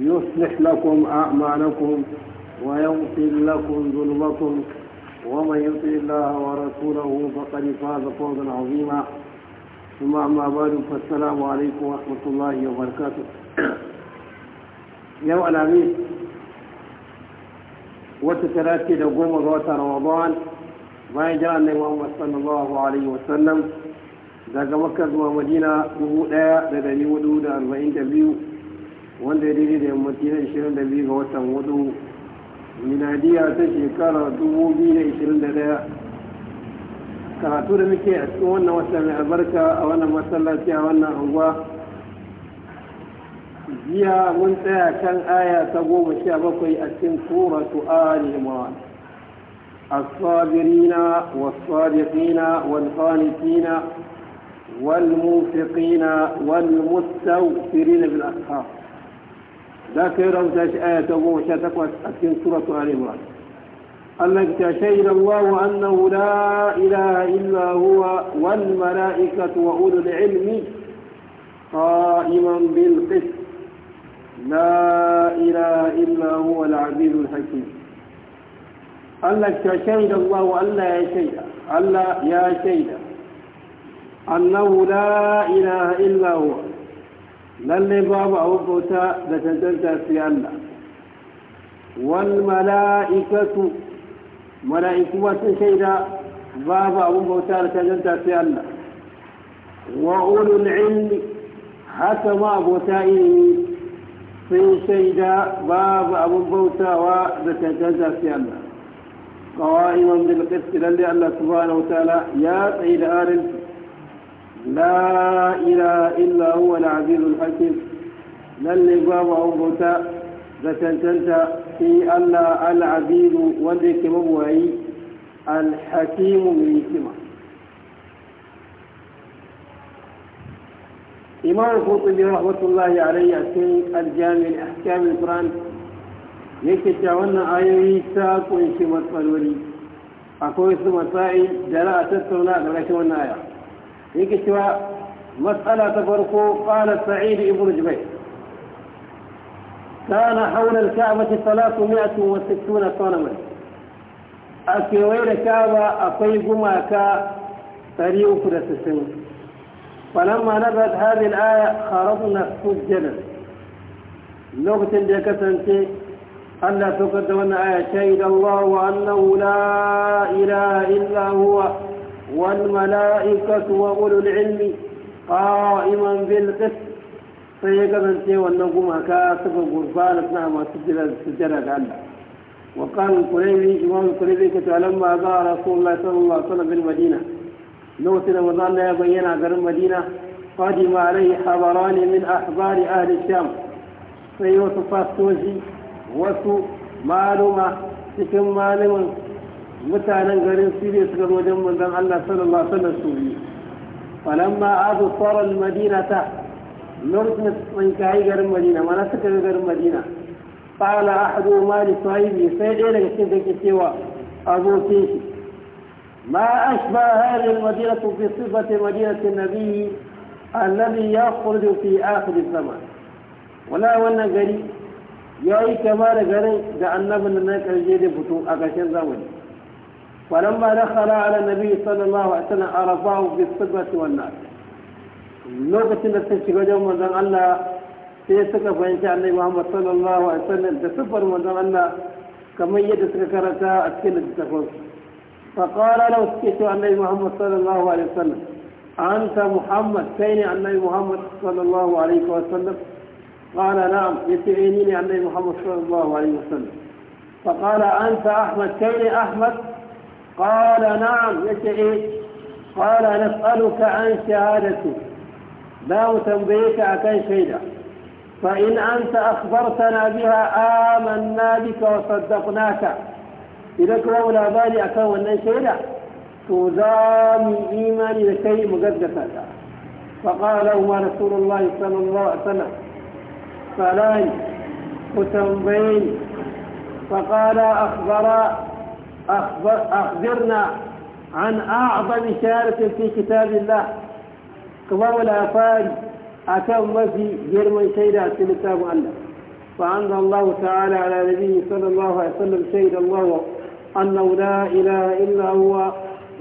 يصلح لكم أعمالكم ويغفر لكم ذنوبكم ومن يطع الله ورسوله فقد فاز فوزا عظيما ثم أما بعد فالسلام عليكم ورحمة الله وبركاته يا ألامي وتتلاتي لقوم غوث رمضان ما يجرى النبي محمد صلى الله عليه وسلم daga makar zuwa madina dubu ɗaya da dari hudu da arba'in da biyu wanda ya daidai da yammaci na 22 ga watan hudu miladiya ta shekara 2021 karatu da muke a cikin wannan wata mai albarka a wannan masallaci a wannan anguwa jiya mun tsaya kan aya ta goma sha bakwai a cikin suratu ali imran الصابرين والصادقين والقانتين والموفقين والمستغفرين بالأسحار ذكر يروتاش آية ووشاتك وأتكين سورة آل عمران أنك شهد الله أنه لا إله إلا هو والملائكة وأولو العلم قائما بالقسط لا إله إلا هو العزيز الحكيم أنك شهد الله ألا يا شيء ألا يا شيء أنه لا إله إلا هو Lallai babu abin bauta da tantanta sai Allah wal mala'ikatu mala'iku ba sun shaida babu abin bauta da tantanta sai Allah wa ulul ilmi haka ma abota ilimi sun shaida babu abin bautawa da tantanta sai Allah قوائما بالقسط للي الله سبحانه وتعالى يا سيد آل لا إله إلا هو العزيز الحكيم لن للنقاب أو غتاء بسنتنت في ألا العزيز وذيك مبوعي الحكيم من إسماء إمام الخطبي رحمة الله عليه أسمي الجامع الأحكام القرآن يكتع ونا آيوي ساكو وإنشي مطفل ولي أقول اسم مطائي دلاء تتونا دلاء كمان آيه yake مسألة matsala قال farko ابن sa'id كان حول الكعبة ثلاثمائة وستون صنما أكوين كعبة أقيقما كتريوك لسسن فلما نزلت هذه الآية خرطنا سجدا لغة ديكة ألا تقدمنا آية شهد الله أنه لا إله إلا هو والملائكة وأولو العلم قائما بالقسط فيجب أن تي والنقوم كاسب غربان نعم ما سجل السجرة عنه وقال القريبي إمام القريبي لما جاء رسول الله صلى الله عليه وسلم بالمدينة نوتنا وظن لا يبين أجر المدينة قدم عليه حضران من أحبار أهل الشام فيوسف السوسي وسو معلومة تكن معلومة mutanen garin ne suka zo wajen manzon allah sallallahu alaihi wasallam su biyu falamma azu tsaron madina ta lokacin da sun kayi garin madina mana suka ga garin madina fala ahadu ma sahibi sai ɗaya daga cikin da ke cewa abokin shi ma ashba hadhihi almadinatu fi sifati madinati nabi alladhi yakhruju fi akhir zaman wala wannan gari yayi kama da garin da annabin nan karshe da fito a gashin zamani فلما دخل على النبي صلى الله عليه وسلم عرفه بالصدقة والنار لوقة نفسك قدوم وزن الله سيسك فإن شاء الله محمد صلى الله عليه وسلم تسفر وزن الله كما يدسك كركا أتكين تسفر فقال لو سكت عن النبي محمد صلى الله عليه وسلم أنت محمد كيني عن النبي محمد صلى الله عليه وسلم قال نعم يتعينيني عن النبي محمد صلى الله عليه وسلم فقال أنت أحمد كيني أحمد قال نعم يشعي إيه؟ قال نسألك عن شهادتي لا تنبيك عكاين شيئا فإن أنت أخبرتنا بها آمنا بك وصدقناك إذا كرم الأباني أكاو أنن شهيدا تزام إيمان لكي مقدسك فقال لهما رسول الله صلى الله عليه وسلم فلان وتنبين فقال أخبر أخبرنا عن أعظم شارة في كتاب الله كباب الآفار أكم في جرم شيدا كتاب الله فأنزل الله تعالى على نبيه صلى الله عليه وسلم شهد الله أنه لا إله إلا هو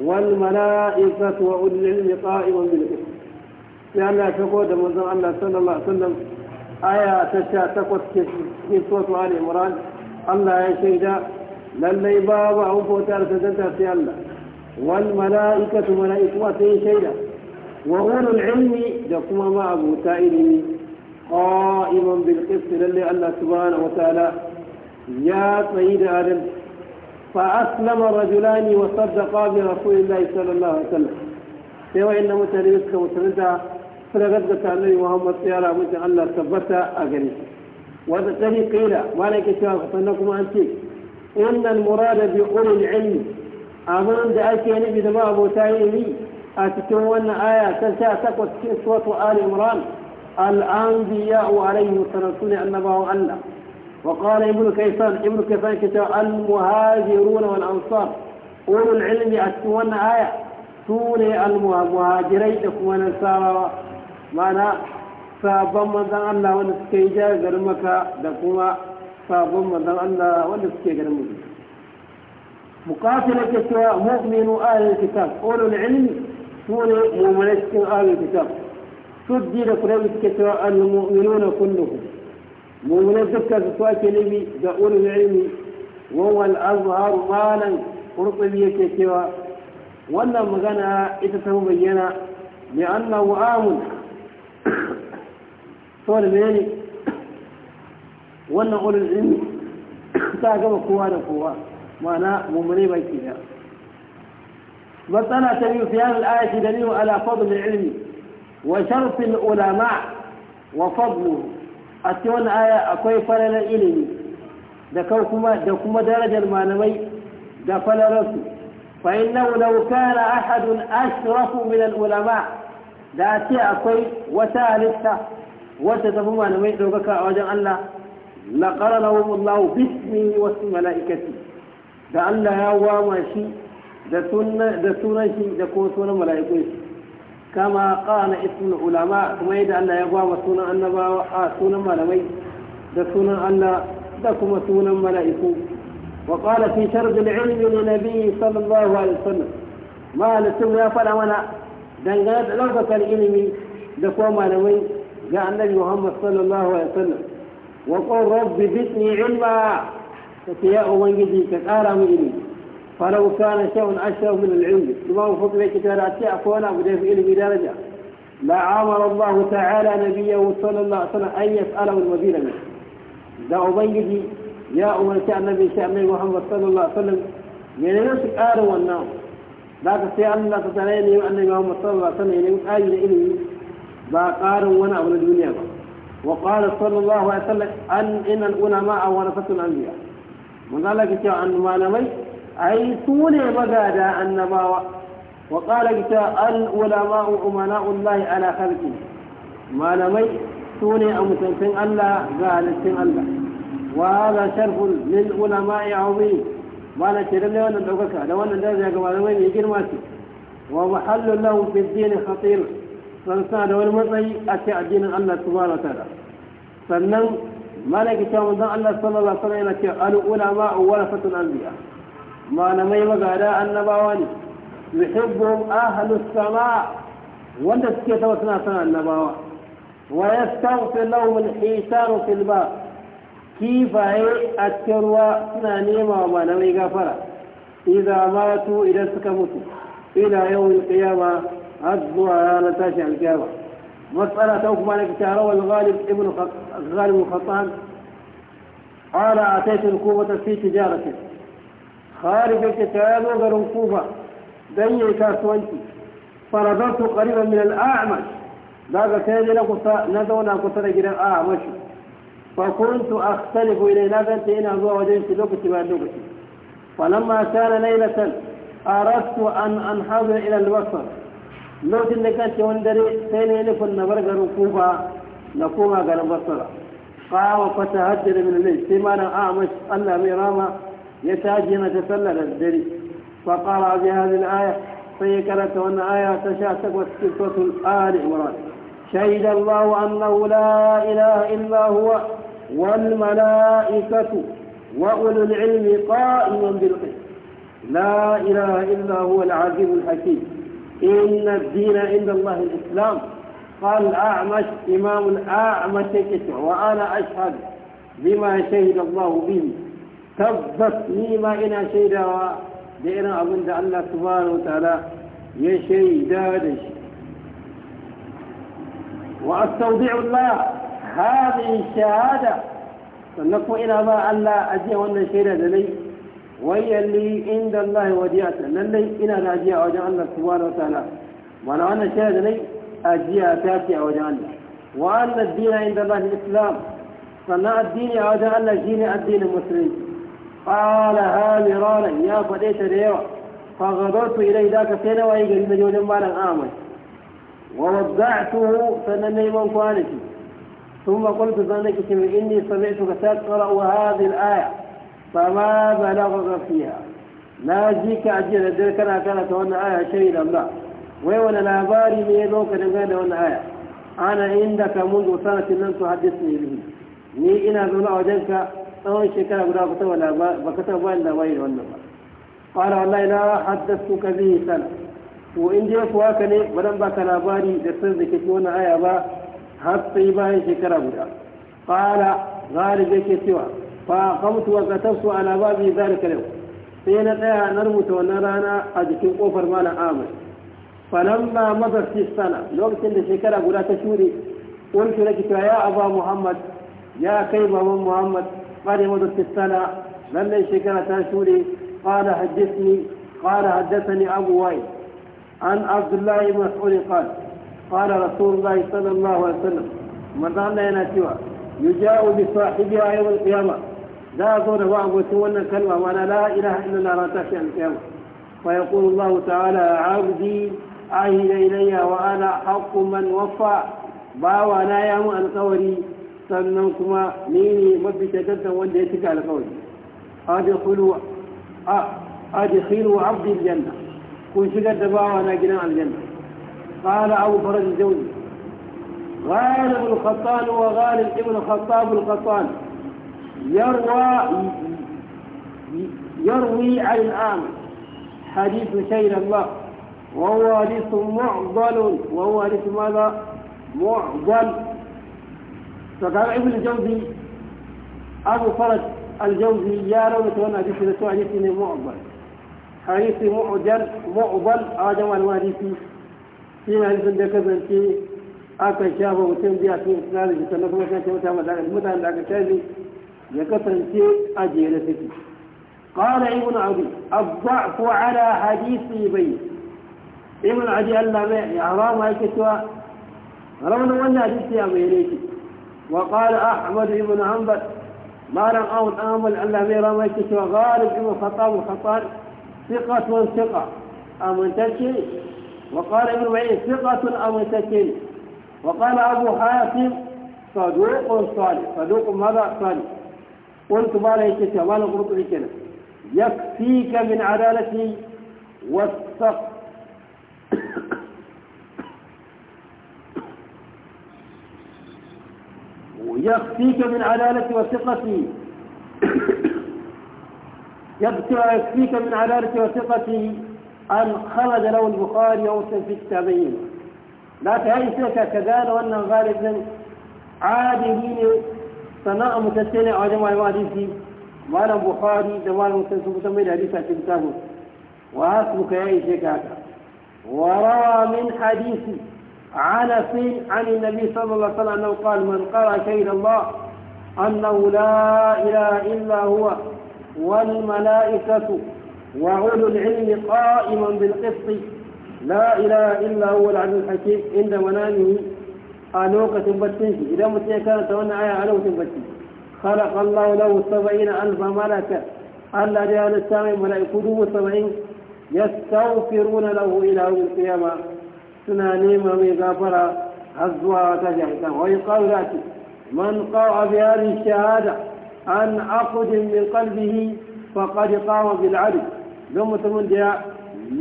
والملائكة وأولي العلم قائما بالقسط لأن تقول منزل الله صلى الله عليه وسلم آية تشاء تقوت في سورة آل عمران الله يشهد للي بابا هم فوتار تدنت في الله والملائكة ملائكة واتين شيدا وغير العلم جاكما ما أبو تائلي قائما بالقسط للي الله سبحانه وتعالى يا سيد آدم فأسلم الرَّجُلَانِ وصدقا برسول الله صلى الله عليه وسلم سوى إن متنبسك متنبسك فلغدت النبي محمد صلى الله عليه وسلم الله ثبت أجري وذلك قيل مالك شاء فتنكم أنتي أن المراد بقول العلم أمام دعاك يا نبي دماء أبو تايمي أتتون آية تنسى تقوى سورة آل عمران الأنبياء عليهم الصلاة والسلام أنباه الله وقال ابن كيسان ابن كيسان كتاب المهاجرون والأنصار أولو العلم أتتون آية سورة المهاجرين لكم ونسارا معنى sabon manzan Allah wanda suka yi jagar maka da kuma sabon manzon Allah wanda suke ganin mu muqatila ke cewa mu'minu ahlul kitab ulul ilmi su ne cikin ahlul kitab suddi da suke cewa al mu'minuna kulluhum dukkan su ake nabi da ulul ilmi wa wal azhar malan qurtubi yake cewa wannan magana ita ta bayyana li annahu amun menene wannan ulul ilmi ta gama kowa da kowa ma'ana mummune bai ke da matsala ta biyu fiye da ayati dalilu ala fadl ilmi wa sharfin ulama wa fadlu a cikin wannan aya akwai falalar ilimi da kuma da kuma darajar malamai da falalarsu fa innahu law kana ahadun ashrafu min al ulama da ce akwai wata halitta wata tafi malamai ɗaukaka a wajen Allah لقال لهم الله باسمي واسم ملائكتي لأن لها سنة دسونا شيء دكوسونا ملائكوي كما قال اسم العلماء ثم يدعى أن لها واماسونا أن ما آسونا ملائكوي دسونا أن لكم سنة ملائكو وقال في شرد العلم للنبي صلى الله عليه وسلم ما لسوا يا ولا فلمنا دنجات لغة العلم دكوما ملائكوي جاء النبي محمد صلى الله عليه وسلم وقل رب زدني علما فكي يا أبنجي كتارا من فلو كان شيء أشهر من العلم لما وفق لك تراتي أخوانا أبو ديف إلي بدرجة لعامر الله تعالى نبيه صلى الله عليه وسلم أن يسأله المدير منه da ubangiji ya umarci annabi shi annabi muhammad sallallahu alaihi wasallam ya nemi su ƙarin wannan za ka sai allah ta tare ne annabi muhammad sallallahu alaihi wasallam ya nemi ƙari da ilimi ba ƙarin wani abu na duniya ba وقال صلى الله عليه وسلم أن إن العلماء ورثة الأنبياء وقال قال لك أن ما نمي أي طول مجادة أن ما وقال لك العلماء أمناء الله على خلقه ما نمي طول أمسن سن الله قال سن الله وهذا شرف للعلماء عظيم ما نشرب لي وانا ندعوك لو انا ندعوك وانا ندعوك ومحل لهم في الدين خطير san sa da wani matsayi a cikin addinin Allah subhanahu wa sannan malaki ta manzon Allah sallallahu alaihi wasallam yana ce al ulama warasatul anbiya malamai magada annabawa ne yuhibbuhum ahlus sama wanda suke tawa suna son annabawa wa yastaghfir lahum al hisaru fil ba kifaye a cikin ruwa suna nema wa malamai gafara idza matu idan suka mutu ila yawm al qiyamah على تاشع الكهرباء مسألة توقف عن الكهرباء الغالب ابن غالب الخطان قال أتيت الكوبة في تجارة خارج الكتاب وغير الكوبة دنيا كاسوانتي فنظرت قريبا من الأعمش ذاك كان ندونا قصر إلى الأعمش فكنت أختلف إلى نبت إن أبوه وجنت لكتي بعد فلما كان ليلة أردت أن أنحضر إلى الوسط lokacin da kace wani dare sai ne nufin na bar garin kufa na koma garin basra qawa fa tahajjara min al-layl sai ma nan a'mash Allah mai rama ya taji yana ta sallar dare fa qara bi hadhihi al-aya sai ya karanta wannan aya ta sha takwas cikin suratul ali imran شهد الله أنه لا إله إلا هو والملائكة وأولو العلم قائما بالقسط لا إله إلا هو العزيز الحكيم إن الدين عند الله الإسلام قال الأعمش إمام الأعمش كتع وأنا أشهد بما شهد الله به تبت نيما إنا شهد دعنا أظن الله سبحانه وتعالى يشهد دادش وأستودع الله هذه الشهادة فنقول إلى ما ألا أجي وأن شهد لي وهي اللي عند الله وديعة للي إنا راجية وجعلنا الله سبحانه وتعالى ولو أن شهد لي أجية تاتية وجعل وأن الدين عند الله الإسلام صنع الدين وجعلنا الله الدين المسلم قال مرارا يا فديت ريوة فغدرت إليه ذاك سنة وإيجا المليون مالا آمن ووضعته فنمي من فانتي ثم قلت ظنك إني سمعتك تقرأ هذه الآية فما بلغ فيها na ji ka a da dare kana ta wannan aya shayi da Allah wai wani labari ne ya zo ka dangane da wannan aya ana inda ka mundu sanatin nan su hadisi ne bihi ni ina zaune a wajen ka tsawon shekara guda ba taɓa labari ba ka taɓa bani labari da wannan ba qala wallahi la haddathu ka bihi sana to in je ku haka ne ba dan baka labari da sir da ke wannan aya ba har sai bayan shekara guda qala ghalib yake cewa فقمت وكتبت على بابي ذلك اليوم sai na tsaya na rubuta wannan rana a jikin kofar mana amur falan ba mazar lokacin da shekara guda ta shuri wani na kitwa ya abuwa muhammad ya kai baban muhammad bari mazar sana lallai shekara ta shuri kala hajjisni kala ni abu wai an abdullahi mas'uli kan kala rasulullahi sallallahu alaihi wasallam maza Allah yana cewa yujawo bi sahibi a yawan kiyama لا أقول وأبوتون كلمة وأنا لا إله إلا الله لا تخشى القيامة ويقول الله تعالى عبدي عهد إلي وأنا حق من وفى باوى لا يامو القوري سننكما نيني مبتا جدا وانجيتك على قولي أدخلوا أدخلوا عبدي الجنة كن شقد باوى أنا جناع الجنة قال أبو فرج الجوزي غالب الخطان وغالب ابن الخطاب الخطان يروى يروي عن الآن حديث شير الله ووارث معضل ووارث ماذا معضل فقال ابن الجوزي أبو فرج الجوزي يا روة وانا بسنة حديث معضل حديث معضل معضل آدم الوارثي فيما يزن ذكر في aka shafa mutum biya sun isnari da sannan kuma kan ce ya kasance a jere suke ƙara ibn abu abuwa ko ala hadisi bai ibn abu allah mai ya haramu ake cewa ramun wannan hadisi a mai ne ke wa ƙwada ahmadu ibn hanbal maran awon ɗan allah mai ramun ake cewa ƙwarin ibn fasamu fasar siƙatun siƙa amintacce ne wa ƙwada ibn mai siƙatun amintacce ne wa ƙwada abu hayafin صدوق صالح صدوق ماذا صالح قلت بالا يكتا وانا قرط عكنا يكفيك من عدالتي والسق يكفيك من عدالتي وثقتي يكفيك من عدالتي وثقتي أن خرج له البخاري أو في التابعين لا تهيئ كذلك وأن غالبا عادي sannan a mutacce a wajen malamin hadisi malam bukhari da malam muslim sun kusan mai da hadisi a cikin tabu wa hasbuka ya ishe ka haka wa rawa min hadisi على سين عن النبي صلى الله عليه وسلم قال من قرأ كيد الله أنه لا إله إلا هو والملائكة وأولو العلم قائما بالقسط لا إله إلا هو العبد الحكيم عند منامه a lokacin baccin shi idan mutum ya karanta wannan aya a lokacin baccin khalaqallahu lahu sab'ina alfa malaka Allah da ya halitta mai mala'iku dubu saba'in yastaghfiruna lahu ila yawm al-qiyama suna nema mai gafara har zuwa wata jami'a wa yuqalu lati man qawa bi hadhihi shahada an aqdim min qalbihi faqad qawa bil adl dan mutumin da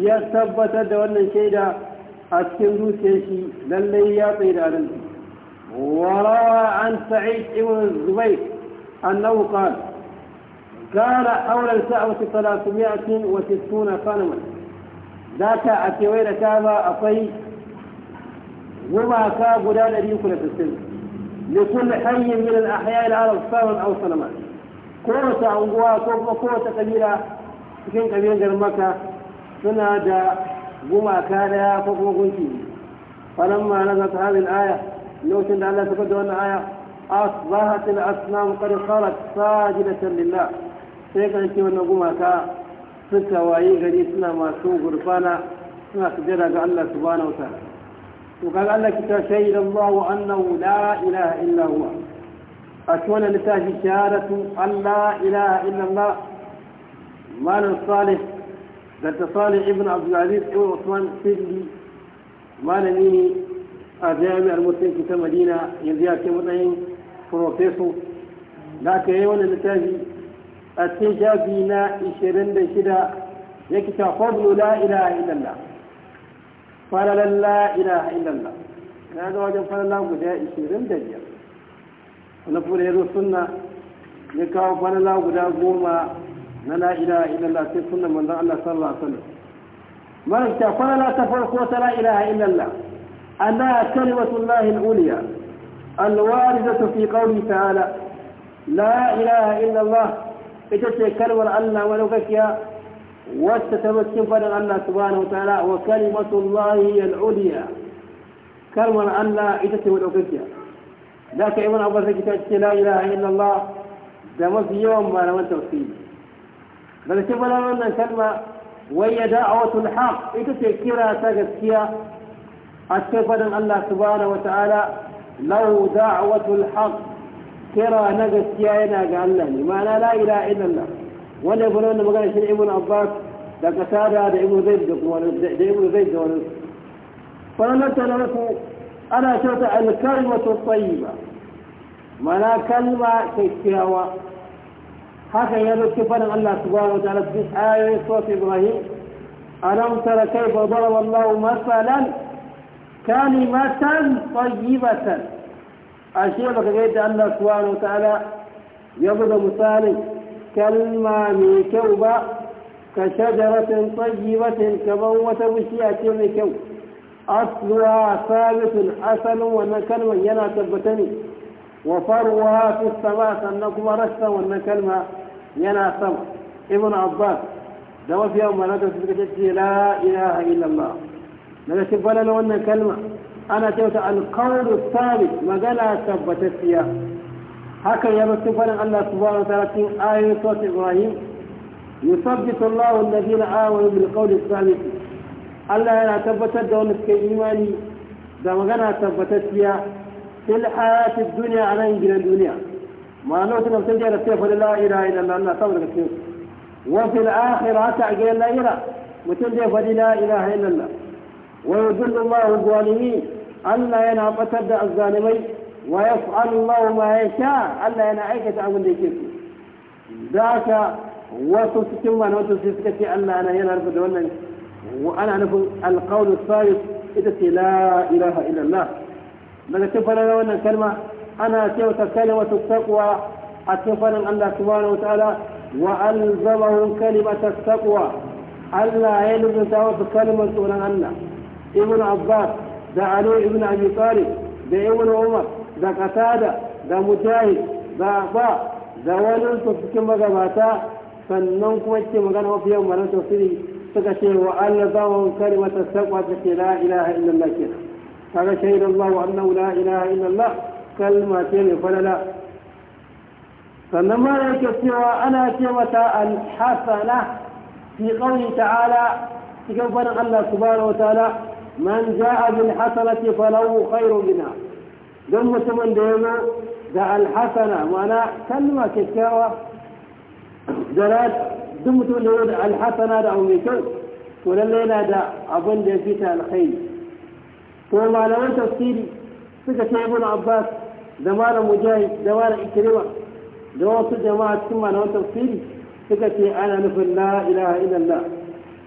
ya tabbatar da wannan shaida a عن سعيد بن الزبير انه قال كان حول الكعبة 360 صنما ذاك أتوين كعبة أطي وما كاب لا يكون في السن لكل حي من الأحياء العرب صار أو صنما كوسه أنقوى كورة قبيلة كين قبيلة مكة سنة guma gumaka daya ko kuma gunki falamma na zata al-aya lokacin da Allah ya saukar da wannan aya asbahat al-asnam qad khalat sajidatan lillah sai ka ce wannan gumaka suka wayi gari suna masu gurfana suna sujada ga Allah subhanahu wa ta'ala to kaga Allah ki ta shaida Allah annahu la ilaha illa huwa a cikin wannan littafi shahadatu Allah ilaha illa Allah malam salih da salih ibn abdulaziz ibn usman sirri malami ne a jami'ar musulunci ta madina yanzu ya ce matsayin profeso da aka yi wannan littafi a cikin shafi na 26 ya kita fadlu la ilaha illallah falalan la ilaha illallah na ga wajen falalan guda 25 wani fura ya zo sunna ya kawo falala guda goma na la'ila ilaha illallah sai sunan manzon Allah sallallahu alaihi wasallam marta kwana ta farko ta la'ila ilaha illallah annaha kalimatullahi al Alwari da waridatu fi qawli ta'ala la ilaha illallah ita ce kalmar Allah malaukakiya wacce ta cikin fadin Allah subhanahu wa ta'ala wa kalimatullahi al-ulya kalmar Allah ita ce madaukakiya da ka ibn abbas ta ce la ilaha illallah da mafi yawan malaman tafsiri بل تبلا من كلمة ويا دعوة الحق إذا تذكر تذكر أتفضل الله سبحانه وتعالى لو دعوة الحق كيرا نجس يا ناج الله ما أنا لا إله إلا الله ولا بنون ما قال شيء ابن أباك لك سارة ابن زيد ولا ابن زيد ولا فلن تلف أنا شرط الكلمة الطيبة ما لا كلمة تكتها هكذا يدك فلن الله سبحانه وتعالى في آية صوت إبراهيم ألم ترى كيف ضرب الله مثلا كلمة طيبة أشياء بكيت الله سبحانه وتعالى يبدو مثالك كلمة من كوبة كشجرة طيبة كبوة وشيعة من كوب أصلها ثابت أصل وأنا كلمة ينا تبتني وفروها في الصلاة أنكم رشتا وأن كلمة ينا سبع ابن عباس دوا في يوم لا تثبت لا إله إلا الله لذا تبلا لو أن كلمة أنا جوت القول الثالث ما قال ثبتت فيها هكذا يبتفر الله سبحانه وتعالى آية صوت إبراهيم يثبت الله الذين آمنوا بالقول الثابت الله لا ثبتت دون الإيمان ده ما قال فيها في الحياة الدنيا على إنجيل الدنيا ما نوتنا بتجي نكتب لا إله إلا الله صور نكتب وفي الآخرة تعجل لا إله وتجي لا إله إلا الله ويذل الله الظالمين ألا ينهى تبدأ الظالمين ويفعل الله ما يشاء ألا ينهى أيك تعمل كيف ذاك وتسكن في وتسكتي ألا أنا هنا أرفض وأنا أنا القول الثالث إذا لا إله إلا الله daga cikin wannan kalma ana kyauta kalimatu taqwa a cikin Allah subhanahu wa ta'ala wa alzamahum kalimatu taqwa Allah ya lubunta wasu kalmar tsoron Allah ibn Abbas da Ali ibn Abi Talib da ibn Umar da Qatada da Mujahid da Abba da wani cikin magabata sannan kuma ke magana mafi yawan maran tafsiri suka ce wa Allah zamahum kalimatu taqwa ta la ilaha illallah kenan هذا شهد الله أنه لا إله إلا الله كلمة كلمة فمما لا يكسر أنا كلمة الحسنة في قوله تعالى تكفر الله سبحانه وتعالى من جاء بالحسنة فله خير منها ثم من دائما دع الحسنة وأنا كلمة كتاوة دلات دمت الحسنة دعوا ميكو ولليلة دع أظن فيها الخير kuma malaman tafsiri suka ce ibn abbas da malam mujahid da malam ikrima da wasu jama'a cikin malaman tafsiri suka ce ana nufin la ilaha illallah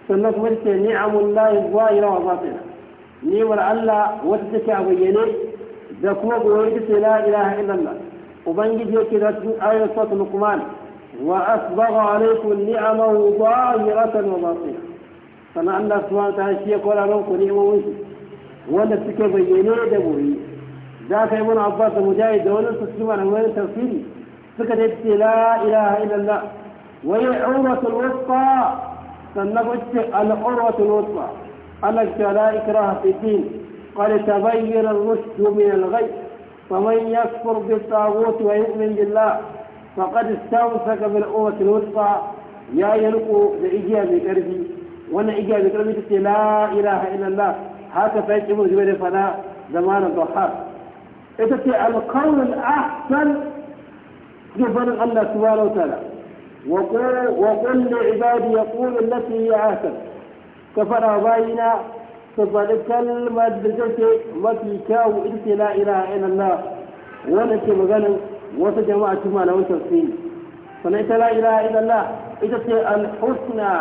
sannan kuma ce ni'amullahi zahira wa batina ni'mar Allah wata take a bayyane da kuma goyon ita ce la ilaha illallah ubangiji yake da cikin ayoyin sautu lukman wa asbagha alaikum ni'amahu zahiratan wa batina sannan Allah subhanahu wa ta'ala shi ya kora muku ni'imomin shi ولا تكبر ينور دموي ذاك ابن عباس مجاهد دول تسلم على وين تفسير لا اله الا الله وهي عروة الوسطى سنبت العروة الوسطى أنا لا إكراه في الدين قال تبين الرشد من الغي فمن يكفر بالطاغوت ويؤمن بالله فقد استمسك بالعروة الوسطى يا يلقوا لإجابة كربي وأنا إجابة كربي لا إله إلا الله haka sai ibn jubair fada zamanin bahar ita ce alqawl al-ahsan ga barin Allah subhanahu wa ta'ala wa qul wa qul li ibadi yaqulu allati hiya ahsan ka fara bayina ka faɗi kalmar da take mafi kyau in ce la ilaha illallah wannan ce maganin wasu jama'a cikin malaman tafsiri sannan ita la ilaha illallah ita ce al-husna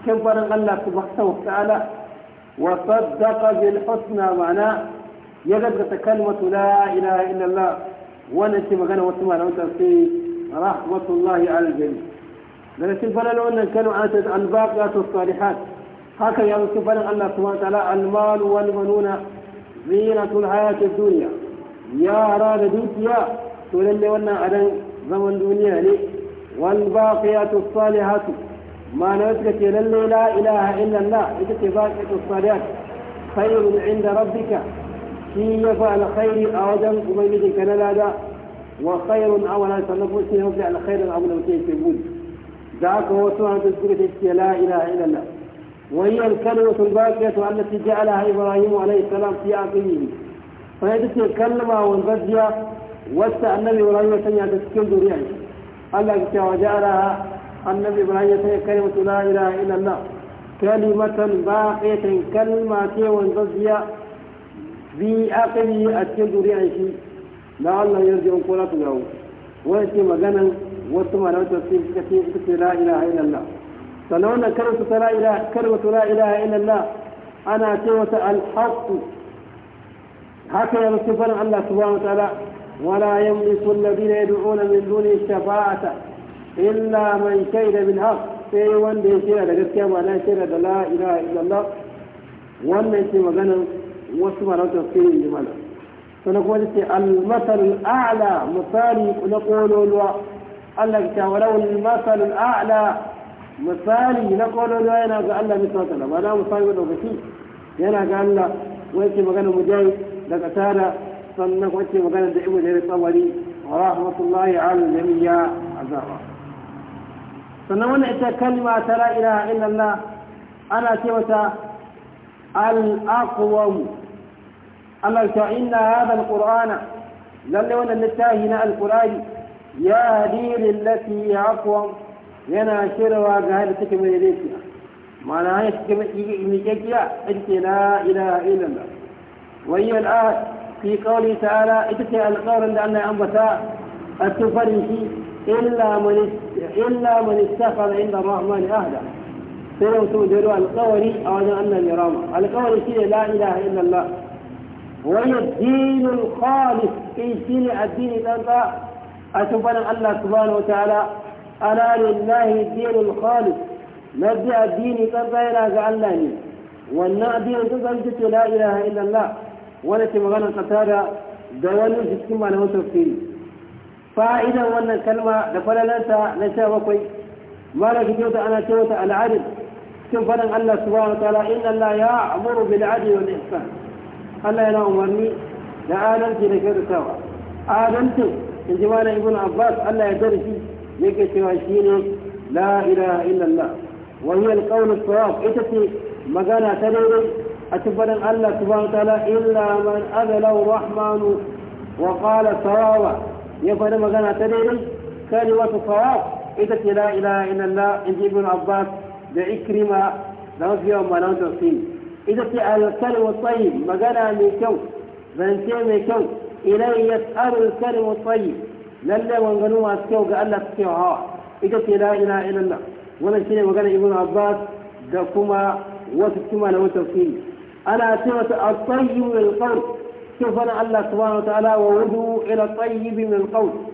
cikin barin Allah subhanahu wa ta'ala وصدق بالحسنى معناه يغدت كلمة لا إله إلا الله ونتي مغانا وسمع لو تفسير رحمة الله على الجميع لكن فلا لو أن كانوا عاتد الباقيات الصالحات هكذا يغفر الله سبحانه وتعالى المال والبنون زينة الحياة الدنيا يا راد دوتيا تولي وانا على زمن دنيا لي والباقيات الصالحات ما نسك للي لا إله إلا الله اتفاق الصلاة خير عند ربك في يفعل خير أودا أميد كان وخير أولا سنفسه يفعل خير أولا سيكون ذاك هو سبحانه تذكرة لا إله إلا الله وهي الكلمة الباقية التي جعلها إبراهيم عليه السلام في عقله فهذه الكلمة والبدية وسع النبي إبراهيم سنة تسكن ذريعه الله تعالى جعلها النبي إبراهيم كلمة لا إله إلا الله كلمة باقية كلمة وانتظية في أتشد أتجد لا لعله يرجع قولة له ويأتي مغنى وثم لو تفسير كثير لا إله إلا الله فلونا كلمة لا إله كلمة لا إله إلا الله أنا كلمة الحق هكذا نصفنا الله سبحانه وتعالى ولا يملك الذين يدعون من دون الشفاعة illa man shaida bil haq sai wanda ya shaida da gaskiya ba na shaida da la ilaha illallah wannan ce maganar wasu marauta su jimala sana kuma ce al-masal ala misali na kololuwa Allah ya ce walau al-masal ala misali na kololuwa yana ga Allah misal ta ba na misali yana ga Allah wai ce maganar mujahid daga tara sannan kuma ce maganar da ibnu jarir tsawari wa rahmatullahi ala sannan wannan ita kalma ta la a illallah ana ce mata al-aqwam Allah ta inna hadha al lalle wannan littafi na al-qur'ani ya hadi lillati aqwam yana shirwa ga hada take mai daidai ma'ana hanya take mai kyakkyawa ita la ilaha illallah wa hiya al-ahad fi qawli ta'ala ita ce alƙawarin da Allah ya ambata a cikin farin shi illa man إلا من اتخذ عند الرحمن أهدا سنو تودروا القولي أولا أن الإرامة القولي كده لا إله إلا الله وهي الدين الخالص في سن الدين الأنباء أتبنى الله سبحانه وتعالى أنا لله الدين الخالص نبدأ الدين الأنباء إلى جعلني والنادي أن تقول لا إله إلا الله ولكن مغانا قتالا دواني جسكما له تفسيري fa'idan wannan kalma da falalanta na sha bakwai mala ki kyauta ana ce wata al'adil cikin faɗin Allah subhanahu wa ta'ala inna Allah ya amuru bil adli wal ihsan Allah yana umarni da adalci da kyautatawa adalcin in ji malam ibn abbas Allah ya darshi yake cewa shine la ilaha illallah wa hiya al-qawl sawab ita ce magana ta daidai a cikin Allah subhanahu wa ta'ala illa man azala rahmanu wa qala sawawa ya faɗi magana ta daidai kalimatu sawab ita ce la ilaha illallah in ji ibn abbas da ikrima da mafi yawan malamin tafsir ita ce al-kalimu tayyib magana mai kyau zance mai kyau ilai yas'alu al-kalimu tayyib lallai wanganu masu kyau ga Allah suke hawa ita ce la ila illallah wannan shine magana ibn abbas da kuma wasu cikin malamin tafsir ana ce mata at-tayyib al-qalb sufana Allah subhanahu wa ta'ala wa wudu ila tayyib min qawl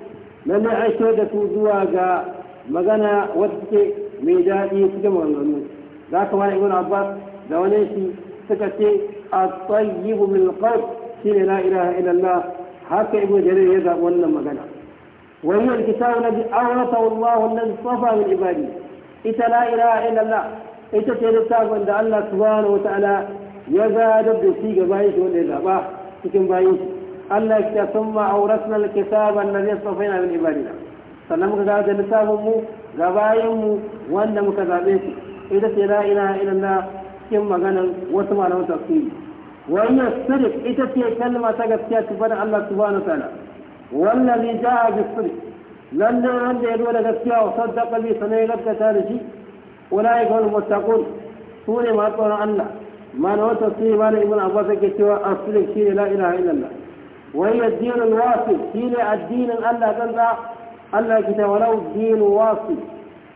man aisha da zuwa ga magana wacce mai daɗi cikin maganganu za ka mana ibn abbas da wani shi suka ce at-tayyib min qawl shi la ilaha illa haka ibn jarir ya zabi wannan magana wa huwa al-kitab alladhi awrata Allah alladhi safa min ibadi ita la ilaha illa ita ce littafin da Allah subhanahu wa ta'ala ya zaba da shi gaba shi ya zaba cikin bayin shi Allah ya ce sun ma'aurasna alkitaban na zai tsofaina bin ibadina sannan muka ga da littafin mu ga bayan mu wanda muka zaɓe su ita ce la ilaha illallah cikin maganar wasu malaman tafsiri wannan sirri ita ce kalma ta gaskiya ta faɗin Allah subhanahu ta'ala wallazi ja'a bis-sirri lalle wanda ya zo da gaskiya wa saddaqa bi sanai gaskata da shi ulaika hum su sune masu tsoron Allah mana wata su yi ibn abbas yake cewa asulin shi ne la ilaha illallah ya dinin wasu shi ne addinin allah kansa allah ya kita walau dinin wasu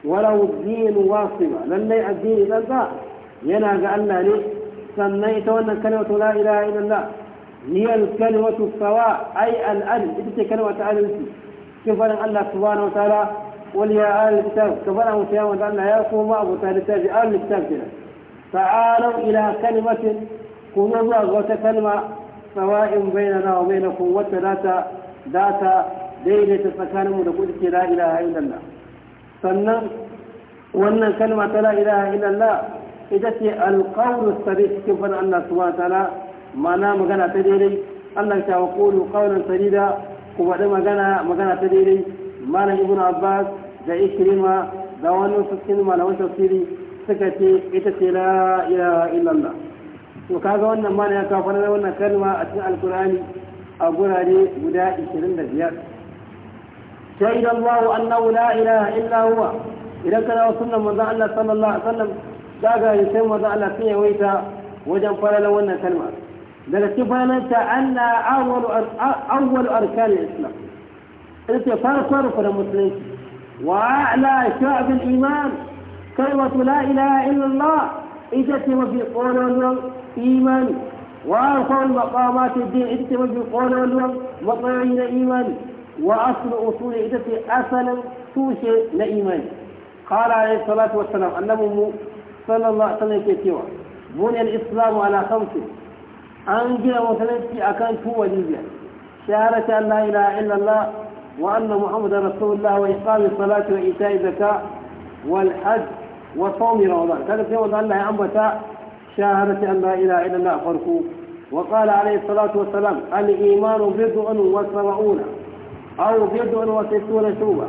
walau dinin wasu ba lallai addini kansa yana ga allah ne sannan ita wannan kalmatu la ilaha illallah هي الكلمة السواء أي العدل إذا كلمة عدل كفر الله سبحانه وتعالى وليا آل الكتاب da allah ya koma أبو تهل الكتاب آل الكتاب كده تعالوا إلى كلمة قلوبا وتكلمة سواء بيننا وبينكم وتلاتا داتا ديلة تسكانم لقلت لا إله إلا الله سنن وأن كلمة لا إله إلا الله إذا في القول السريع كيف أن الله سبحانه وتعالى ما نام غنى تديري الله تعالى قولا سديدا وبعد ما غنى ما غنى تديري ما ابن عباس ذا إكرمة ذا وانو سكين ما لو تفسيري suka ce ita ce la ilaha illallah to kaga wannan mana ya kafa na wannan kalma a cikin alkurani a gurare guda 25 shaida Allah annahu la ilaha illa huwa idan kana sunnan manzon Allah sallallahu alaihi wasallam daga sai manzon Allah sai ya waita wajen falalan wannan kalma daga cikin falalanta anna awwalu awwalu arkan al-islam ita farko da musulunci wa a'la sha'b al-iman كلمة لا إله إلا الله إتتم في قول إيمان وأرفع مقامات الدين إتتم في قول والمطاعين إيمان وأصل أصول إتتم أصلا توشي لإيمان قال عليه الصلاة والسلام أنه صلى الله عليه وسلم كثيرا بني الإسلام على خمس أنجل وثلاثة أكان هو ليبيا شهادة أن لا إله إلا الله وأن محمد رسول الله وإقام الصلاة وإيتاء الزكاة والحج wa sawmi ramadan kada sai wanda Allah ya ambata shahadati an la ilaha illallah farko wa qala alayhi salatu wa salam al imanu bid'un wa sab'una aw bid'un wa tisuna shuba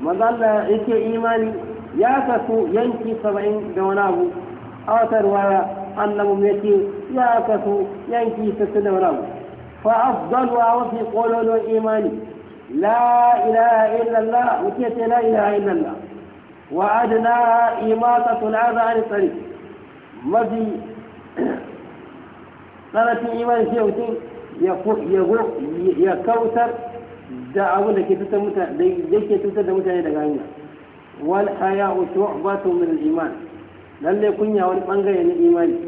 manzo Allah yake imani ya kasu yanki 70 da wani abu a wata ruwaya annabi yake ya kasu yanki 60 da wani abu fa imani la illallah illallah وأدنى إماطة الأذى عن الطريق مضي صلاة إيمان شيوتين يقول يقول يكوثر دعوة لكي تتمتع لكي تتمتع إلى غيرنا شعبة من الإيمان لن يكون يعود أنجا من الإيمان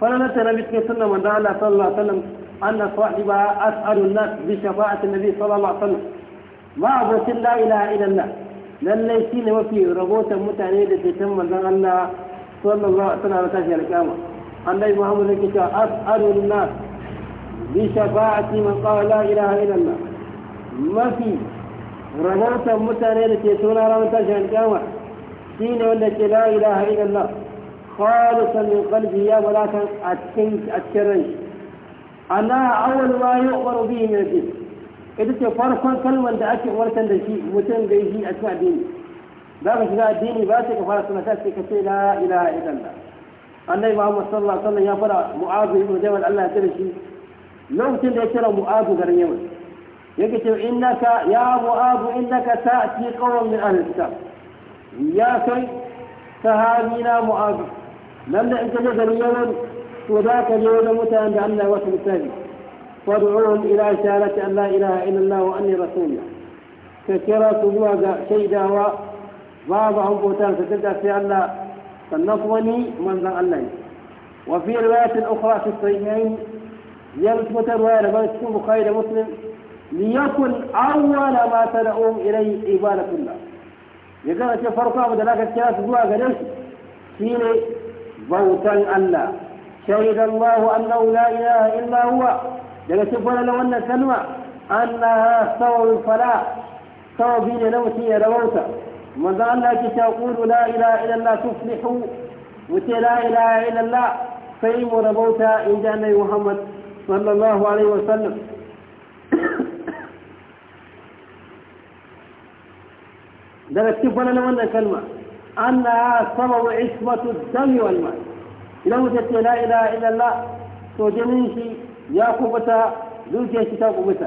فلا نتنا بسم الله من دعا صلى الله عليه وسلم أن صاحبها أسأل الناس بشفاعة النبي صلى الله عليه وسلم ما أبو لا إله إلا الله lallai shi ne mafi rahoton mutane da ke can manzon Allah sallallahu alaihi wasallam tashi alƙiyama annabi Muhammad yake cewa as'alun nas bi shafa'ati man qala la ilaha illallah mafi rahoton mutane da ke tona ranar tashi alƙama shi ne wanda ke la ilaha illallah خالصا من قلبه a cikin أتكن أتكرن أنا ma ما يؤمر به من الجن ita ce farkon kalmar da ake warkar da shi mutum da yi a cikin addini za ka shiga addini ba sai ka fara suna ta ce ka ce la ilaha illallah annabi muhammad sallallahu alaihi wasallam ya fara mu'azu ibn jabal Allah ya tsare shi lokacin da ya kira mu'azu garin yaman yake ce innaka ya mu'azu innaka ta'ti qawman min ahli kitab ya kai sahabina mu'azu lalle in ka je garin yaman to za ka je wajen mutanen da Allah ya wasu misali وادعوهم إلى شهادة أن لا إله إلا الله وأني رسول الله كثيرة بوغا شيدا و بعضهم بوتان ستدع في الله فنصوني من ذا الله وفي رواية أخرى في الصحيحين يلفت الرواية لما يكون بخير مسلم ليكن أول ما تدعوهم إليه عبادة الله يقول أن فرقا بدلاك الثلاث بوغا قدمت فيه بوتان الله شهد الله أنه لا إله إلا هو daga cikin falalan wannan kalma Allah sawul fala sawabi ne na mutum ya rabauta manzo Allah ya ta qulu la ilaha illallah tuflihu wuce la ilaha illallah sai mu rabauta in ji annabi Muhammad sallallahu alaihi wasallam daga cikin falalan wannan kalma Allah sababu ismatu dami wal ma idan mutum ce la ilaha illallah to jinin shi ya kubuta zuciyar shi ta kubuta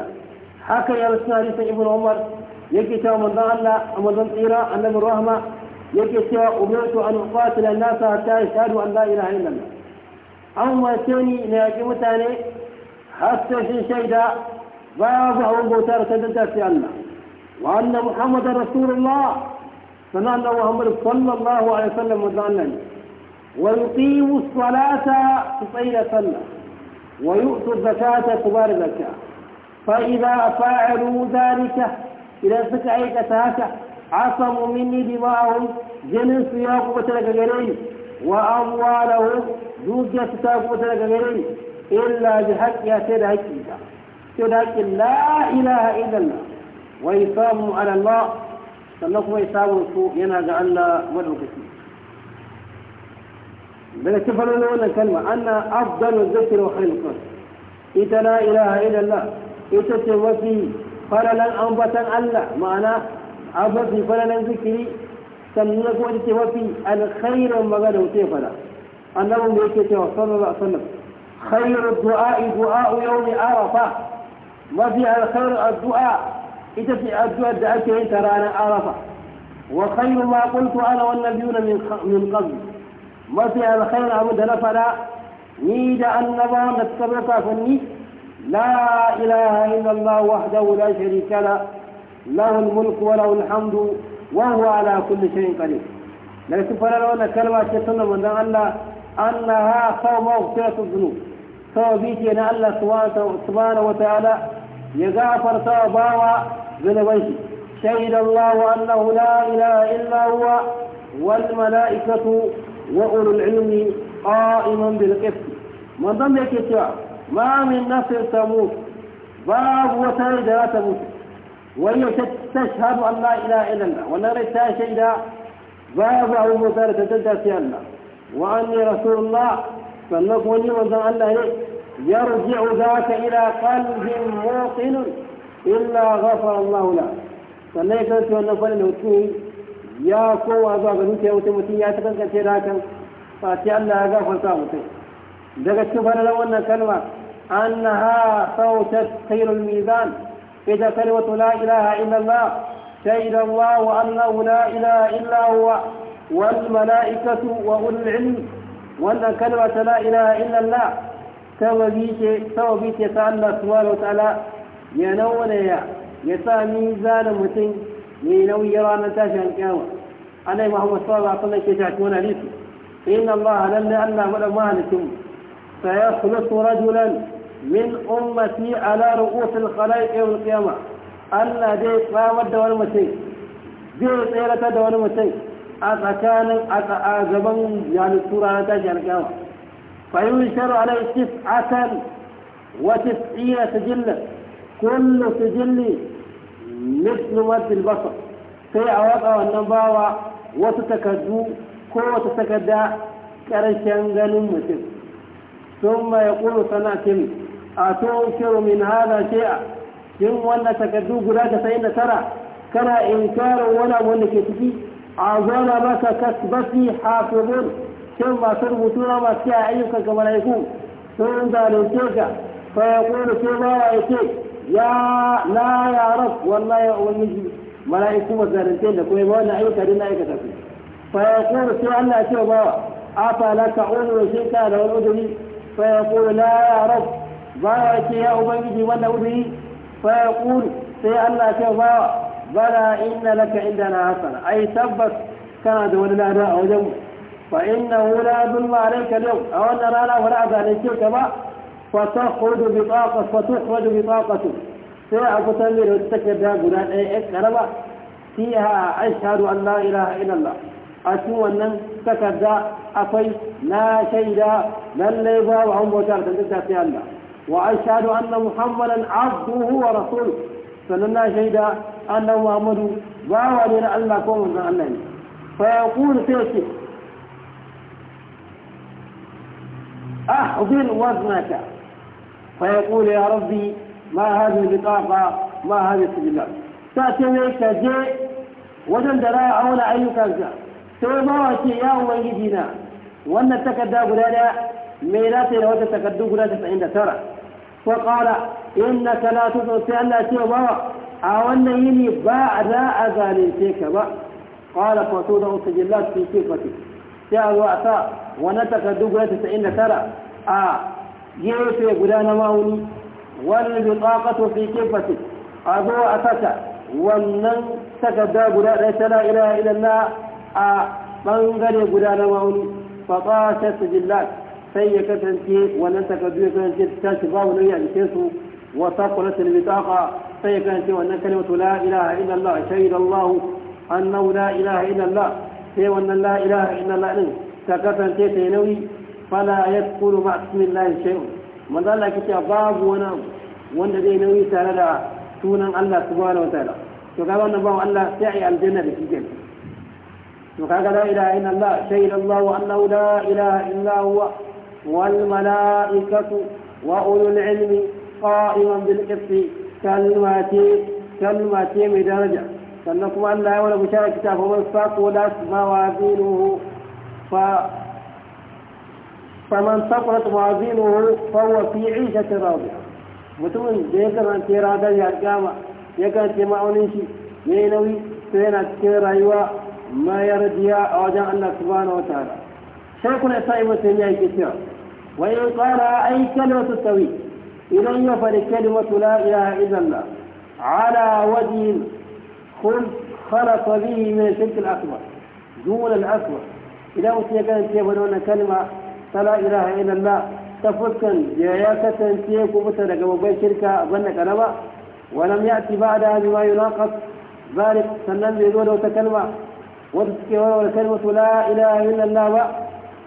haka ya rasu hadisin ibn umar yake cewa manzon Allah a manzon tsira annabi rahma yake cewa umirtu an uqatila an-nasa hatta yashhadu an la ilaha illallah an wace ni na yaki mutane har sai sun shaida babu abin bauta da tantance sai Allah wa anna muhammadar rasulullah sannan da muhammad sallallahu alaihi wasallam manzon Allah ne wa yuqimu as-salata su tsaya sallah ويؤتوا الزكاة كبار الزكاة فإذا فعلوا ذلك إذا سكعيك تهكا عصموا مني دماءهم جنس ياقوة لك جنين وأموالهم دوجة تاقوة لك جنين إلا بحق يا سيد حقيقة سيد حق لا إله إلا الله وإصابهم على الله سنقوم إصابهم سوء ينهج على مدعو كثير بلك فلان ولا كلمة أن أفضل الذكر وخير وخلقه إذا لا إله إلا الله إذا توفي فلان أنبة ألا معنى أفضل فلان الذكر سنلقوا إذا توفي الخير وما قاله تفلا أنه ميك توفى صلى الله عليه وسلم خير الدعاء دعاء يوم عرفة ما في خير الدعاء إذا في الدعاء دعاك إن ترى عرفة وخير ما قلت أنا والنبيون من من قبل وفي الخير عمد نفلا نيد أنما نتبرك فني لا إله إلا الله وحده لا شريك له له الملك وله الحمد وهو على كل شيء قدير لكن فلا لو كلمة تسنى من الله أنها سوى مغفرة الذنوب سوى بيتي أن الله سبحانه وتعالى يغافر سوى باوى ذنبيه شهد الله أنه لا إله إلا هو والملائكة wa ulul ilmi qa'iman bil qist manzon da yake cewa ma min nafsin tamut babu wata rai da za ta mutu wani yau tashhadu an la ilaha illallah wannan rai ta shaida babu abin bauta da tantanta sannan kuma Allah ne يرجع ذاك إلى قلب موقن إلا غفر الله له sannan ya kanto ya kowa zuwa ga zuciya mutum mutum ya ta kankance da hakan face Allah ya gafarta mutum daga cikin fadalar wannan kalma annaha sautat khairul mizan ita kalmatu la ilaha illa Allah shaida Allah wa annahu la ilaha illa huwa wal mala'ikatu wa ulul ilm wannan kalma ta la ilaha illa Allah sababi ce sababi ce ta Allah subhanahu wa ta'ala ya nauna ya ya sa mizanin mutum مينو يرى من تاجها القيامة أنا وهو صلى الله كي وسلم إن الله لن ألا أموالكم فيخلص رجلا من أمتي على رؤوس الخلائق يوم القيامة ألا دي قامت دول متي دي طيرة أتا كان أتا آزبا يعني سورة تاجها القيامة فينشر عليه تسعة وتسعين سجلا كل سجل mislu matil basar sai a watsa wannan bawa wasu takardu ko wata takarda ƙarshen ganin mutum sun mai ƙuru sana kimi a to shiru min hada shi'a yin wannan takardu guda da sayin da tara kana inkarin wani abu wanda ke ciki a zona maka kasbati hafizun shin masu rubutu na masu ayyukan kamar aiku sun zalunce ka fa ya ƙuru sai bawa ya ce ya la ya rab wallahi ya ubangiji mala'iku ba zalunce da kuma ba wannan ayyuka din aikata su fa yaqulu sai Allah ya ce ba afa la ta'ulu shi ka da wani udri fa yaqulu la ya rab ba ya ce ya ubangiji wannan udri fa yaqulu sai Allah ya ce ba bala inna laka indana hasana ai tabbas kana da wani lada a wajen fa innahu la dhulma alayka yau a wannan rana ba za a zane ka ba فتخرج بطاقة فتخرج بطاقته سيعة تمر بها قلال اي اكربا إيه؟ فيها أشهد أن لا إله إلا الله اتو أن تكبر أفي لا شيء لا لن يبا وهم وشارة تنتهى في الله وأشهد أن محمدا عبده ورسوله فلنا شهد أنه محمد باوى لنا الله قوم من الله فيقول سيرتي احضر وزنك فيقول يا ربي ما هذه البطاقة ما هذه السجلات تأتي إليك جاء وجن دراء أولى أيك sai mawaki ya ubangiji na wannan takarda guda daya mai za da wata takardu guda tasa'in da tara ko kara inna ka la tuzo sai Allah ce bawa a wannan yini ba a za a zalunce ka ba kara da wasu sai a zo a sa wannan takardu guda tasa'in da tara a gefe guda na ma'auni wani wal bitaqatu fi kifati a zo a saka wannan takarda guda ɗaya ta la ilaha na a bangare guda na ma'auni fa ta sijillat sai ya kasance wannan takardu ya kasance ta shi babu nauyi a jikin su wa saqulat al bitaqa sai ya kasance wannan kalmatu la ilaha illallah shahida Allah annahu la ilaha la sai wannan la ilaha la din ta kasance ta nauyi fala yadkhulu ma ismi Allah shay'un manzo Allah yake cewa babu wani abu wanda zai nauyi tare da sunan Allah subhanahu wataala to ga wannan babu Allah sai yi aljanna da shi to kaga la ilaha illa Allah shay'un Allah wa annahu la ilaha illa huwa wal malaikatu wa ulul ilmi qa'iman bil qisti kalmati kalmati mai daraja sannan kuma Allah ya wani bishara kitabu man saqu la samawa binuhu fa فمن صفرت موازينه فهو في عيشة راضية متون ديكر أن تيرا دل يرقام يكر أن تيما أونيشي ينوي فين أكتير أيوا ما يرديا أوجا الله سبحانه وتعالى شاكنا سايمة سمياء الكثير وإن قال أي كلمة التوي إلي فلكلمة لا إله إلا الله على وجه خل خلق به من الشرك الأكبر دون الأكبر إذا أتيك أن كلمة tala ila ha ila la ta fuskan ya ya kasance ya kubuta daga babban shirka abin da karama walam ya ci ba da hajji ma yunaƙas zalik sannan bai zo da wata kalma wata suke wa wani kalma su la ila ha ila ba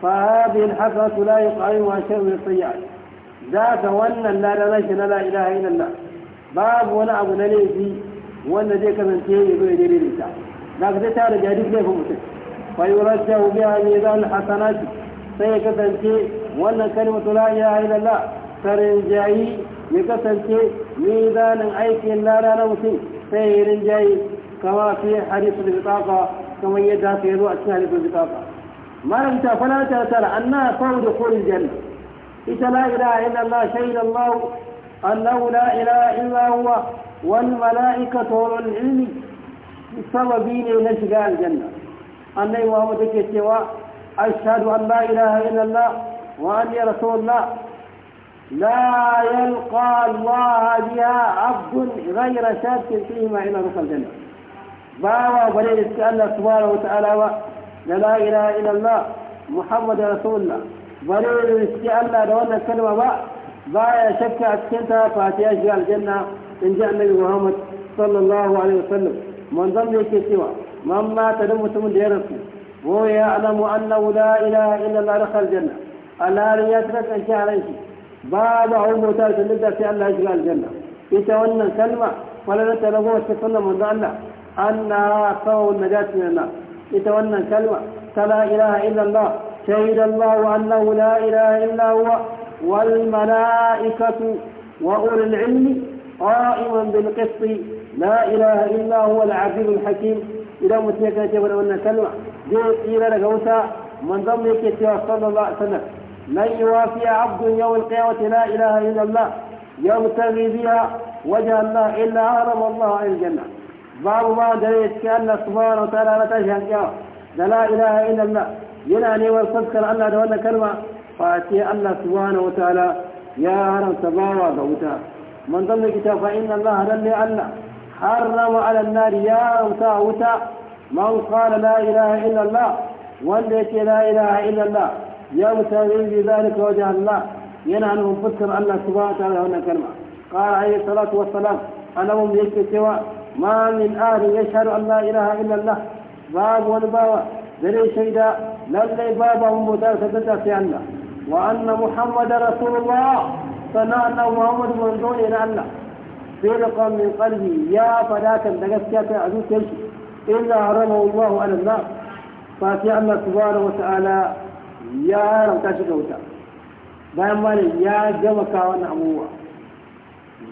fa hadin hasa su la yi ƙari wa shan mai sanya za ka wannan ladanar shi na la ila ha ila la babu wani abu na laifi wanda zai kasance ya zo ya daidaita da ka zai tara jadi zai fi mutum fa yi wa rasha wa biya mai zan hasanati sai ya kasance wannan kalmatu la ilaha illallah tarin jayi ya kasance mizanin aikin lada na mutum sai ya rinjayi kama fi hadisul bitaqa kamar yadda ka yi a cikin hadisul bitaqa malam ta fala ta tara anna fawd qul janna ita la ilaha illallah shahida allah annahu la ilaha illa huwa wal malaikatu wal ilmi sababi ne na shiga aljanna annai muhammad yake cewa أشهد أن لا إله إلا الله وأني رسول الله لا يلقى الله بها عبد غير شاك فيهما إلى دخل الجنة بابا بلين الله سبحانه وتعالى لا إله إلا الله محمد رسول الله بلين الله لو أن الكلمة با بايا شك أكسنتها فاتي أشجع الجنة إن جاء النبي محمد صلى الله عليه وسلم من ضمن سوى مما مات لمسلم ديرسه وهو يعلم أنه لا إله إلا الله دخل الجنة الا يترك أن الله بعد عمر تارك لدى في الله يشغل الجنة يتولى الكلمة ولا نتلقوا السفلة من الله أنها قوة النجاة من النار يتولى الكلمة فلا إله إلا الله شهد الله أنه لا إله إلا هو والملائكة وأولي العلم قائما بالقسط لا إله إلا هو العزيز الحكيم إذا متيكا تبرا كلمة zai tsira daga wuta manzon mu yake cewa sallallahu alaihi wasallam lan yuwafi abdun yawm qiyamati la ilaha illa allah biha wajha allah illa harama allah al janna babu ba da ya ce Allah subhanahu wa ta'ala na tashi hankiya da la ilaha illa allah yana neman fuskar Allah da wannan kalma fa ce Allah subhanahu wa ta'ala ya haramta bawa ga wuta manzon mu yake cewa inna allah lalle allah harrama ala an-nar ya haramta wuta man qala la Allah wanda yake la ilaha Allah ya mutane bi zalika wajh Allah yana nufin fuskar Allah subhanahu wa ta'ala wannan kalma qala alayhi salatu wassalam annabun yake cewa ma min ahli yashhadu an la ilaha illa Allah babu wani bawa dare shaida lallai babu mun bauta tabbata sai Allah wa anna muhammadar rasulullah sannan annabi muhammad manzo ne na Allah sai da min qalbi ya fadatan da gaskiya kai a shi. إلا حرمه الله على النار فاتي الله سبحانه وتعالى يا حرم تاشي كوتا bayan malam ya gama kawo abubuwa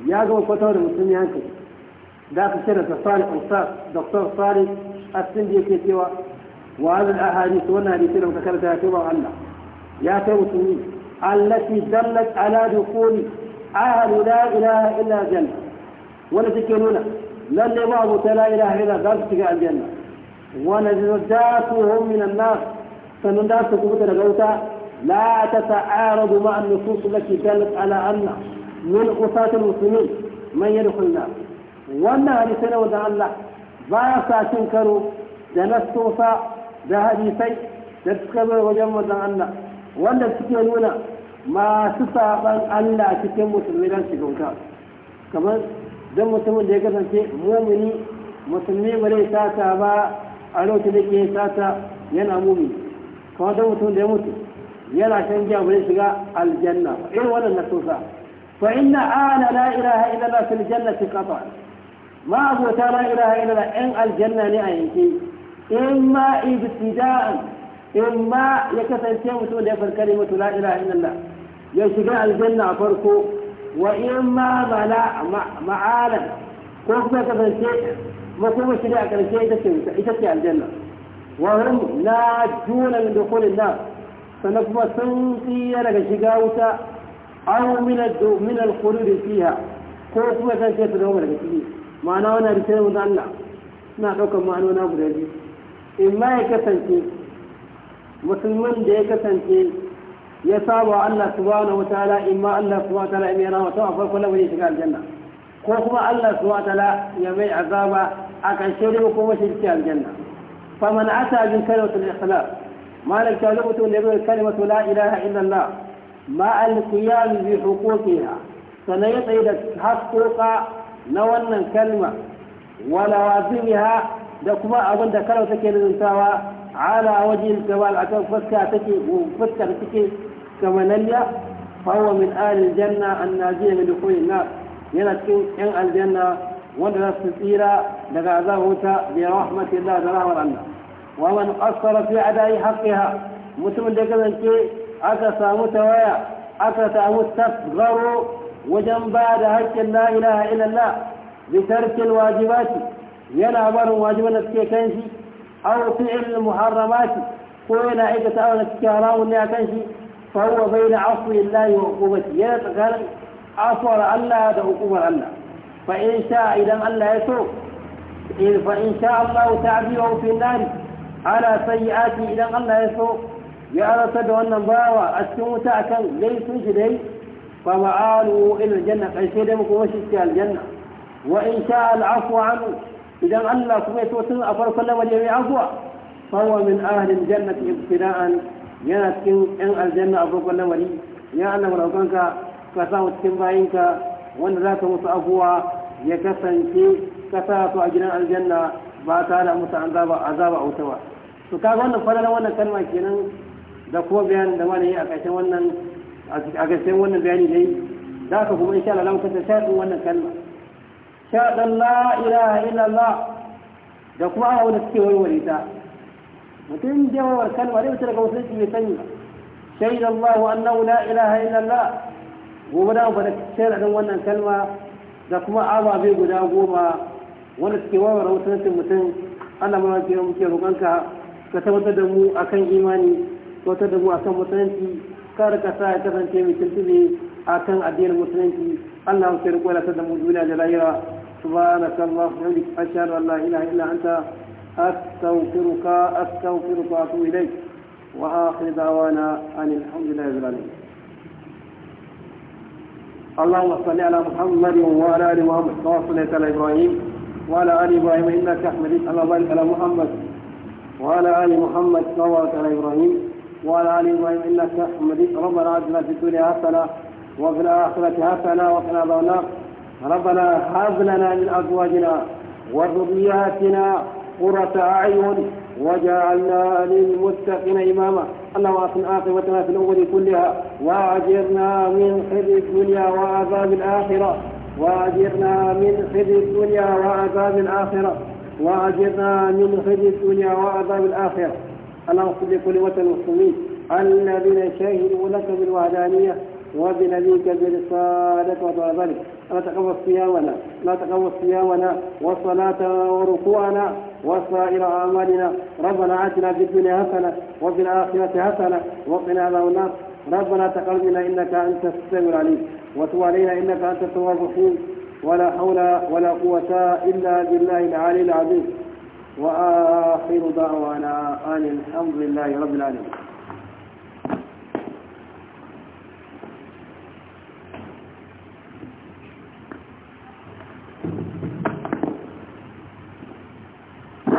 ya gama kwatar da musulmi hankali da aka ce da safari ansar doktor sari a cikin da yake cewa wa hadal ahadith da muka ya kai ba Allah ya kai musulmi allati dallat aladu dukhuli ahlu illa take nuna lalle ba abu ta la'ila hila za su shiga aljanna wani zadatuhum min annas sannan za su kubuta daga wuta la ta ta'aradu ma an nusus laki dalat ala anna min usatul muslimin man yadkhul wannan hadisai na wanda Allah ba sa cin karo da nasosa da hadisai da suka wajen wajen Allah wanda suke nuna masu saban Allah cikin musulmi don shiga wuta kamar don mutumin da ya kasance mumini musulmi ba zai sata ba a lokacin da ke sata yana mumi kuma don mutumin da ya mutu yana shan jiya ba zai shiga aljanna ba irin wannan na sosa fa inna ala la ilaha illallah fil jannati qata ma abota la ilaha na in aljanna ne a yanke in ma ibtida'an in ma ya kasance mutumin da ya farkare mutu la ilaha illallah ya shiga aljanna a farko wa in ma bala ma'alan ko kuma kasance makoma shi a karshe ita ce ita ce aljanna wa hum juna min dukhulin nar sannan kuma sun tsiya daga shiga wuta aw min min al-khulud fiha ko kuma kasance su dawo daga ciki ma'ana wannan rikirin mun Allah suna daukar ma'anona guda biyu in ma ya kasance musulmin da ya kasance ya saba Allah subhanahu wa ta'ala in ma Allah subhanahu wa ta'ala in yana wata a farko lamarin shiga aljanna ko kuma Allah subhanahu wa ta'ala ya mai azaba a ƙarshe ne ko mashi cikin aljanna fa man ata bi kalimatul ikhlas malik ta lubutu ne bi kalimatu la ilaha illa Allah ma al qiyam bi huquqiha sanan ya tsaye da haƙoƙa na wannan kalma wala wazimiha da kuma abin da kalmar take nuzuntawa ala wajen gabal akan fuska take fuska da take kamanalliya fahuwa min alil janna annajiya min dukhulin na yana cikin yan aljanna wanda za su tsira daga azabar wuta bi rahmatillah da rahmar Allah wa man qassara fi adai haqqiha mutumin da kasance aka samu tawaya aka samu tasgaro wajen ba da haƙƙin la ilaha illallah bi tarkil wajibati yana barin wajiban da suke kan shi aw muharramati ko yana aikata abin da suke haramun ne a kan shi فهو بين عصر الله وعقوبته يا تكان عصر الله ده عقوبة الله فإن شاء إذا الله يسوق فإن شاء الله تعذيبه في النار على سيئاته إذا الله يسوق يا رسد أن باوا السموتا كان ليس جدي فمعاله إلى الجنة فإن شاء مكوشي الجنة وإن شاء العفو عنه إذا الله سبحانه وتعالى أفرق لما جميع عفو فهو من أهل الجنة ابتداء yana cikin yan aljanna abokan lamari ya Allah maraukanka ka sa cikin bayinka wanda za ka musu abuwa ya kasance ka sa su a gidan aljanna ba ta da musu azaba azaba a wuta ba to kaga wannan fadalan wannan kalma kenan da kuma bayan da malami a ƙarshen wannan a ƙarshen wannan bayani dai za ka kuma insha Allah ka ta shaɗin wannan kalma shaɗin la ilaha illallah da kuma a wani suke warware ta mutum da yawa kalma dai daga musulunci mai sani shaida Allah annahu la ilaha illallah gobe da ba da sharadin wannan kalma da kuma ababe guda goma wanda suke wawar mutuncin mutum Allah mana ke muke roƙonka ka tabbatar da mu akan imani tabbatar da mu akan mutunci kar ka sa ya kasance mai tuntube akan addinin musulunci Allah ya roƙo da mu duniya da lahira subhanaka allahumma wa bihamdika ashhadu an la ilaha illa anta أستغفرك أستغفرك وأتوب إليك وآخر دعوانا أن الحمد لله رب العالمين اللهم صل على محمد وعلى آل محمد كما صليت على إبراهيم وعلى آل إبراهيم إنك حميد اللهم بارك على محمد وعلى آل محمد كما باركت على إبراهيم وعلى آل إبراهيم إنك حميد ربنا آتنا في الدنيا حسنة وفي الآخرة حسنة وقنا عذاب النار ربنا هب لنا من أزواجنا وذرياتنا قرة أعين وجعلنا للمتقين إماما اللهم أصل آخرتنا في الأول كلها وأجرنا من خزي الدنيا وعذاب الآخرة وأجرنا من خزي الدنيا وعذاب الآخرة وأجرنا من خزي الدنيا وعذاب الآخرة اللهم صل لكل وطن المسلمين الذين شهدوا لك بالوحدانية وبنبيك برسالة وطلب ذلك لا تقوى صيامنا لا تقوى صيامنا وصلاتنا وركوعنا وسائر أعمالنا ربنا آتنا في الدنيا حسنة وفي الآخرة حسنة وقنا عذاب النار ربنا تقبلنا إنك أنت السميع العليم وتب علينا إنك أنت التواب الرحيم ولا حول ولا قوة إلا بالله العلي العظيم وآخر دعوانا أن الحمد لله رب العالمين